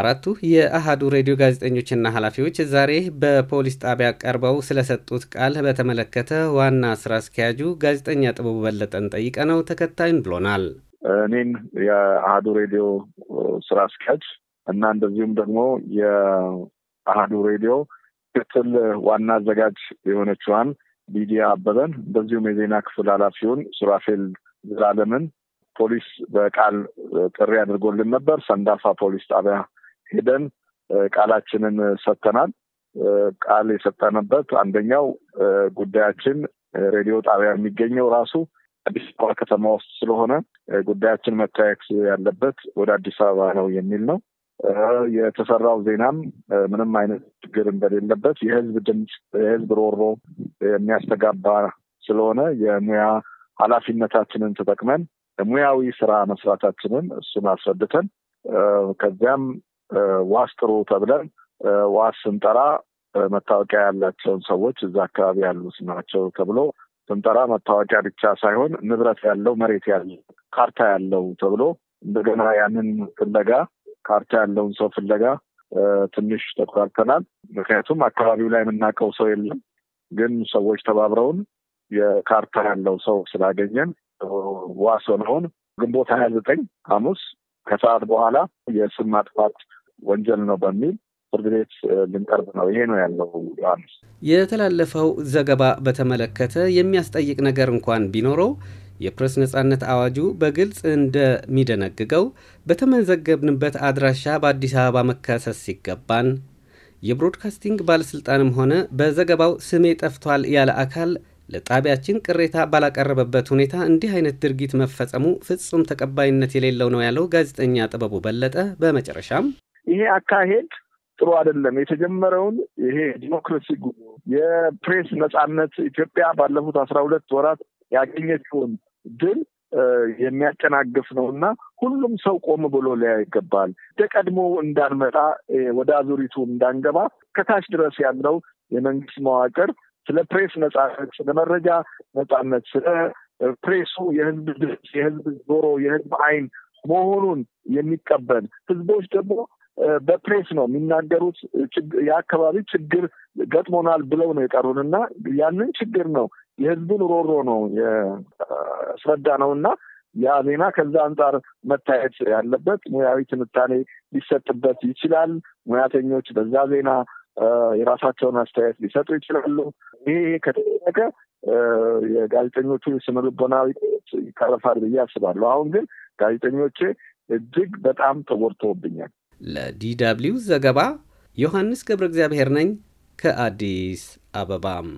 አራቱ የአሃዱ ሬዲዮ ጋዜጠኞችና ኃላፊዎች ዛሬ በፖሊስ ጣቢያ ቀርበው ስለሰጡት ቃል በተመለከተ ዋና ስራ አስኪያጁ ጋዜጠኛ ጥበቡ በለጠን ጠይቀ ነው ተከታዩን ብሎናል። እኔም የአሃዱ ሬዲዮ ስራ አስኪያጅ እና እንደዚሁም ደግሞ የአሃዱ ሬዲዮ ክትል ዋና አዘጋጅ የሆነችዋን ሊዲያ አበበን እንደዚሁም የዜና ክፍል ኃላፊውን ሱራፌል ዘላለምን ፖሊስ በቃል ጥሪ አድርጎልን ነበር። ሰንዳፋ ፖሊስ ጣቢያ ሄደን ቃላችንን ሰጥተናል። ቃል የሰጠንበት አንደኛው ጉዳያችን ሬዲዮ ጣቢያ የሚገኘው ራሱ አዲስ አበባ ከተማ ውስጥ ስለሆነ ጉዳያችን መታየት ያለበት ወደ አዲስ አበባ ነው የሚል ነው። የተሰራው ዜናም ምንም አይነት ችግር እንደሌለበት የህዝብ ድምፅ የህዝብ ሮሮ የሚያስተጋባ ስለሆነ የሙያ ኃላፊነታችንን ተጠቅመን ሙያዊ ስራ መስራታችንን እሱን አስረድተን ከዚያም ዋስ ጥሩ ተብለን ዋስ ስንጠራ መታወቂያ ያላቸውን ሰዎች እዛ አካባቢ ያሉት ናቸው ተብሎ ስንጠራ መታወቂያ ብቻ ሳይሆን ንብረት ያለው መሬት ያለው ካርታ ያለው ተብሎ እንደገና ያንን ፍለጋ ካርታ ያለውን ሰው ፍለጋ ትንሽ ተቆራርተናል። ምክንያቱም አካባቢው ላይ የምናውቀው ሰው የለም። ግን ሰዎች ተባብረውን የካርታ ያለው ሰው ስላገኘን ዋስ ሆነውን ግንቦት ሀያ ዘጠኝ ሐሙስ ከሰዓት በኋላ የስም ማጥፋት ወንጀል ነው በሚል ፍርድ ቤት ልንቀርብ ነው። ይሄ ነው ያለው። ዮሐንስ የተላለፈው ዘገባ በተመለከተ የሚያስጠይቅ ነገር እንኳን ቢኖረው የፕሬስ ነጻነት አዋጁ በግልጽ እንደሚደነግገው በተመዘገብንበት አድራሻ በአዲስ አበባ መከሰስ ሲገባን የብሮድካስቲንግ ባለሥልጣንም ሆነ በዘገባው ስሜ ጠፍቷል ያለ አካል ለጣቢያችን ቅሬታ ባላቀረበበት ሁኔታ እንዲህ አይነት ድርጊት መፈጸሙ ፍጹም ተቀባይነት የሌለው ነው ያለው ጋዜጠኛ ጥበቡ በለጠ በመጨረሻም ይሄ አካሄድ ጥሩ አይደለም። የተጀመረውን ይሄ ዲሞክራሲ ጉዞ የፕሬስ ነጻነት ኢትዮጵያ ባለፉት አስራ ሁለት ወራት ያገኘችውን ድል የሚያጨናግፍ ነው እና ሁሉም ሰው ቆም ብሎ ሊያ ይገባል። ተቀድሞ እንዳንመጣ ወደ አዙሪቱ እንዳንገባ ከታች ድረስ ያለው የመንግስት መዋቅር ስለ ፕሬስ ነጻነት፣ ስለ መረጃ ነጻነት፣ ስለ ፕሬሱ የህዝብ ድምፅ፣ የህዝብ ጆሮ፣ የህዝብ አይን መሆኑን የሚቀበል ህዝቦች ደግሞ በፕሬስ ነው የሚናገሩት። የአካባቢ ችግር ገጥሞናል ብለው ነው የጠሩን እና ያንን ችግር ነው የህዝቡን ሮሮ ነው ያስረዳ ነው እና ያ ዜና ከዛ አንጻር መታየት ያለበት ሙያዊ ትንታኔ ሊሰጥበት ይችላል። ሙያተኞች በዛ ዜና የራሳቸውን አስተያየት ሊሰጡ ይችላሉ። ይሄ ከተደረገ የጋዜጠኞቹ የስነ ልቦናዊ ይቀረፋል ብዬ አስባለሁ። አሁን ግን ጋዜጠኞቼ እጅግ በጣም ተጎድተውብኛል። ለዲደብሊው ዘገባ ዮሐንስ ገብረ እግዚአብሔር ነኝ ከአዲስ አበባም